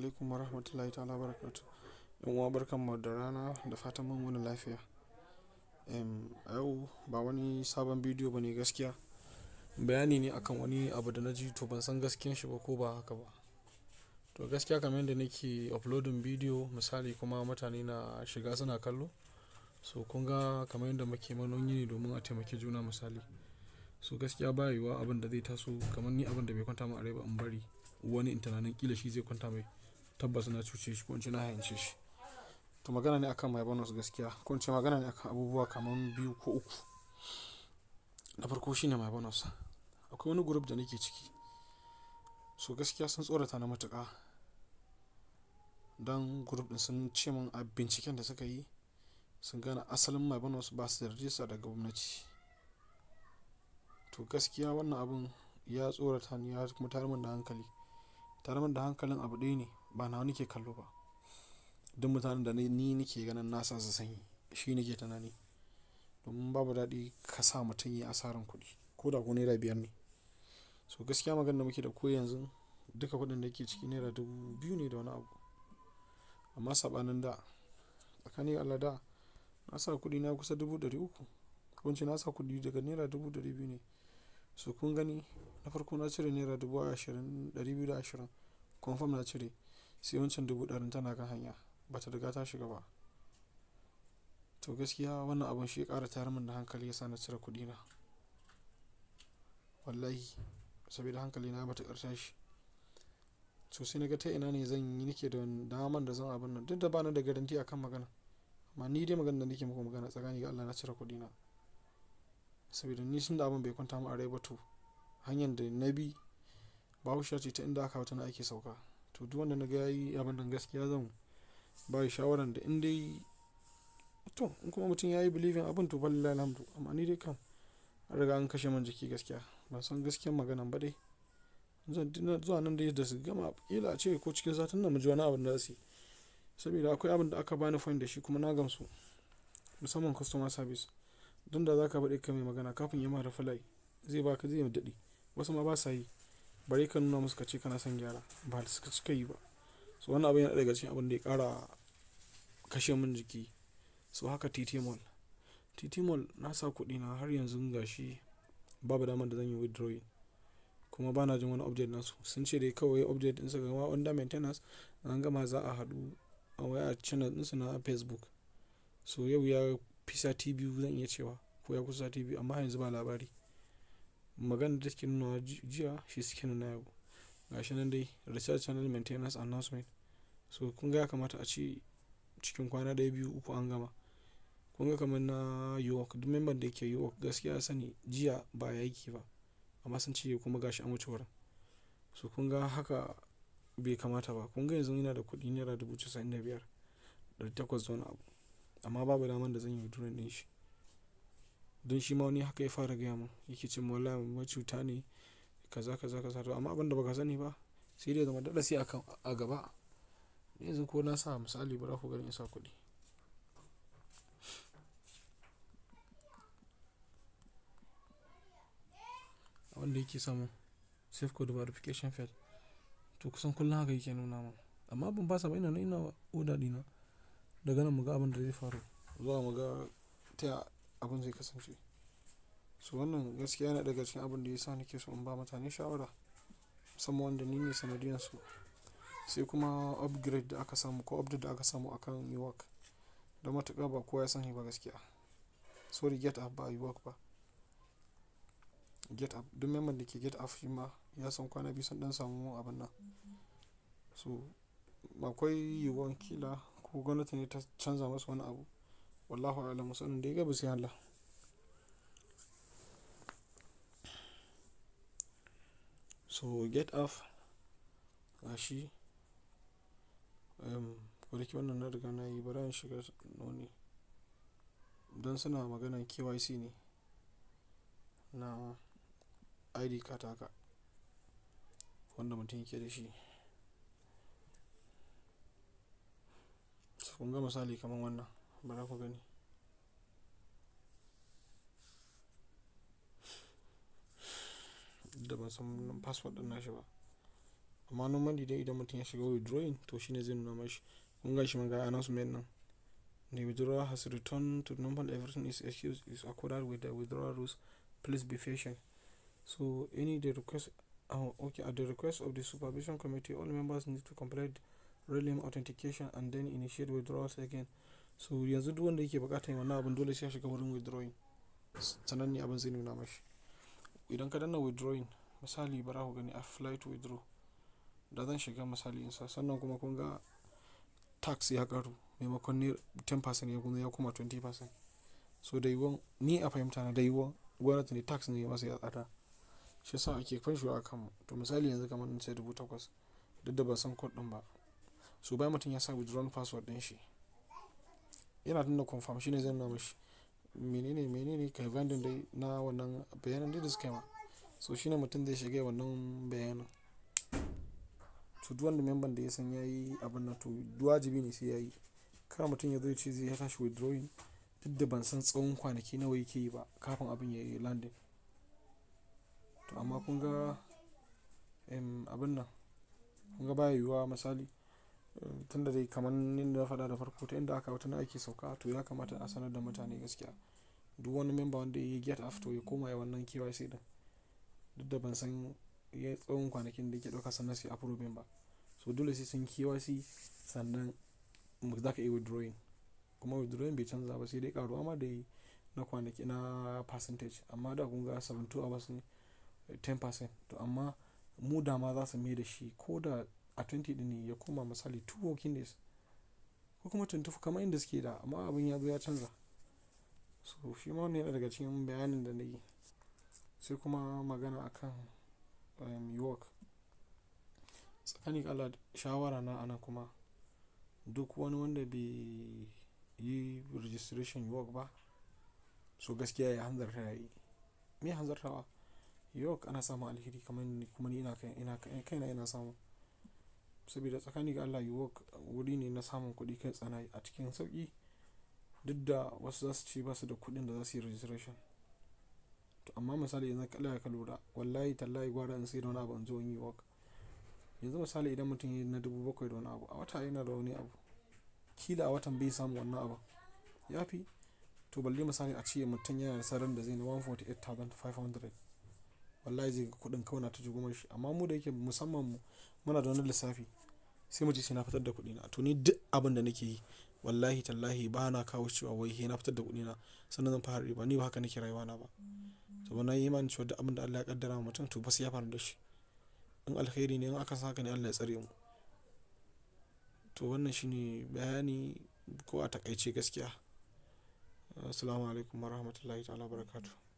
alaikum wa rahmatullahi ta'ala barakatu yan uwa barkan mu da rana da fatan mun wani lafiya em yau ba wani sabon bidiyo ba ne gaskiya bayani ne akan wani abu da na ji to ban san gaskiyan shi ba ko ba haka ba to gaskiya kamar yadda nake uploading bidiyo misali kuma mutane na shiga suna kallo so kun ga kamar yadda muke manoni ne domin a taimaki juna misali so gaskiya ba yiwuwa abin da zai taso kamar ni abin da bai kwanta mu a rai ba in bari wani in kila shi zai kwanta mai tabbas na cuce shi ko na hayance shi to magana ne akan my bonus gaskiya ko magana ne akan abubuwa kamar biyu ko uku na farko shine my bonus akwai wani group da nake ciki so gaskiya sun tsorata na matuka don group din sun ce min a binciken da suka yi sun gana asalin my bonus ba su da rajista da gwamnati to gaskiya wannan abun ya tsorata ni ya kuma tarmin da hankali tarmin da hankalin abu ɗaya ne ba na wani kallo ba duk mutanen da ni nake ganin nasa su sanyi shi nake tunani domin babu daɗi ka sa mutum yi asarar kuɗi ko da ko naira biyar ne so gaskiya magana da muke da ko yanzu duka kuɗin da ke ciki naira dubu biyu ne da wani abu amma saɓanin da tsakanin allah da na sa kuɗi na kusa dubu ɗari uku kunci na sa kuɗi daga naira dubu ɗari biyu ne so kun gani na farko na cire naira dubu ashirin ɗari biyu da ashirin confirm na cire sai wancan dubu ɗarin tana kan hanya ba ta riga ta shiga ba to gaskiya wannan abin shi ya ƙara tayar min da hankali ya sa na cire kuɗi na wallahi saboda hankali na ta ƙarshen shi to sai na ga ta ina ne zan yi nake da daman da zan abin nan duk da bani da garanti akan magana amma ni dai magana da nake muku magana tsakani ga Allah na cire kuɗi na saboda ni sun da abin bai kwanta mu a rai ba to hanyar da na bi bahaushe ce ta inda aka wata na ake sauka to duk wanda na ga yayi abin nan gaskiya zan ba shi shawaran da in dai to in kuma mutum yayi believing abin to wallahi alhamdu amma ni dai kam an riga an kashe man jiki gaskiya ban san gaskiyar maganan ba dai zan zuwa nan dai da su gama kila ce ko cikin satin nan mu ji wani abin da su saboda akwai abin da aka bani fain da shi kuma na gamsu musamman customer service don da za ka ka mai magana kafin ya mara falai zai baka zai daɗi wasu ma ba sa yi bari ka nuna musu ka ce kana son gyara ba da suka cika yi ba so wannan abin yana daga cikin abin da ya kara kashe min jiki so haka titimol titimol na sa kuɗi na har yanzu gashi babu damar da zan yi withdrawing kuma bana jin wani update nasu sun ce dai kawai update ɗinsu gama under maintenance an gama za a haɗu a waya channel ɗinsu na facebook so yau ya fi sati biyu zan iya cewa ko ya kusa sati biyu amma yanzu ba labari magana da cikin nuna jiya shi suke nuna yau gashi nan dai research channel maintenance announcement so kun ga ya kamata a ci cikin kwana ɗaya biyu uku an gama kun ga kamar na york duk memban da yake york gaskiya sani jiya ba ya yi ba amma sun ce kuma gashi an wuce so kun ga haka bai kamata ba kun ga yanzu yana da kuɗi naira dubu casa'in da biyar ɗari takwas abu amma babu daman da zan yi wuturin ɗin shi don shi ma wani haka ya fara gaya mun yake ce wallahi macuta ne kaza kaza kaza to amma abin da baka sani ba sai dai zama dada sai a gaba yanzu ko na sa misali ba za ku gani isa kuɗi wanda yake samu safe code verification fail to kusan kullum haka yake nuna min amma ban fasa ba ina ina oda dina daga nan mu ga abin da zai faru zuwa mu ga ta abin zai kasance su wannan gaskiya na daga cikin abin da ya sa nake so in ba mutane shawara musamman wanda ni ne sanadiyansu sai kuma upgrade da aka samu ko update da aka samu akan york da matuƙa ba kowa ya sani ba gaskiya sorry get up ba york ba get up duk member da ke get up shi ma ya san kwana biyu sun dan samu abin nan so akwai yiwuwan kila ko gwamnati ne ta canza masu wani abu wallahu alam sanin dai gaba sai Allah so get off gashi shi kwarki wannan na riga na yi bari in shiga noni don suna maganan kyc ne na id kataka wanda mutum ke da shi kun ga misali kamar wannan bari ku gani da ban san password din nashi ba amma normally dai idan mutum ya shiga withdrawing to shine zai nuna mashi kun ga shi mun ga announcement nan the withdrawal has returned to normal everything is excused is accorded with the withdrawal rules please be patient so any the request oh, okay at the request of the supervision committee all members need to complete real authentication and then initiate withdrawals again so yanzu duk wanda yake bukatar wannan abin dole sai ya shiga wurin withdrawing sanan ne abin zai nuna mashi idan ka danna withdrawing misali bara ku gani a flight withdraw da zan shiga misali insa sannan kuma kun ga tax ya karu maimakon ne 10% ya kuma ya kuma 20% so da yiwuwan ni a fahimta na da yiwuwan gwamnati ne tax ne masa ya tsada shi yasa ake fanshuwa a kanmu to misali yanzu kamar in sai dubu takwas duk da ba san kuɗin ba so bai mutum ya sa withdrawn password din shi yana nuna shi shine zai nuna mashi menene menene ka vending dai na wannan bayanan dai da suka yi ma so shine mutum zai shiga wannan bayanan to duk wanda memban da ya san yayi abin nan to wajibi ne sai yayi kar mutum ya zo ya ce zai tashi withdrawing duk da ban san tsawon kwanaki nawa yake yi ba kafin abin ya yi landing to amma kun ga abin nan kun ga baya yiwuwa misali tun da dai kamar yadda na faɗa da farko ta inda aka na ake sauka to ya kamata a sanar da mutane gaskiya duk wani memba wanda ya yi get to ya koma ya wannan KYC din duk da ban san ya tsawon kwanakin da ke ɗauka sannan su approve ba so dole sai sun KYC sannan za ka yi withdrawing kuma withdrawing bai canza ba sai dai karuwa ma da yi na kwanaki na percentage amma da kun ga 72 hours ne 10% to amma mu dama za su mai da shi ko da a 20 din ne ya koma misali 2 working days ko kuma 24 kamar inda suke da amma abin ya zo ya canza so shi ma wannan yana daga cikin bayanin da na yi sai kuma magana akan um, work tsakanin ala shawara na ana kuma duk wani wanda bai yi registration work ba so gaskiya ya hanzarta ya yi me hanzartawa york ana samun alheri kamar kuma ni ina kaina ina samu saboda tsakani ga Allah yiwuwa wuri ne na samun kuɗi kai tsana a cikin sauki duk da wasu za su ce ba su da kuɗin da za su yi registration to amma misali yanzu kala ka lura wallahi tallahi gwara in sai da wani abu in zo in yi work yanzu misali idan mutum ya na dubu bakwai da wani abu a wata yana da wani abu kila a watan bai samu wannan abu ya fi to balle misali a ce mutum yana da sarar da zai na 148,500 wallahi zai kuɗin kawai na ta jigo shi amma mu da yake musamman mu muna da wani lissafi sai mu ce sai na fitar da kuɗi na to ni duk abin da nake yi wallahi tallahi ba na kawo cewa wai he na fitar da kuɗi na sannan zan fara riba ni ba haka nake rayuwa na ba to na yi imani cewa duk abin da Allah ya kaddara ma mutum to ba sai ya faru da shi in alkhairi ne in aka san haka ne Allah ya tsare mu to wannan ne bayani ko a takaice gaskiya assalamu alaikum warahmatullahi ta'ala barakatuh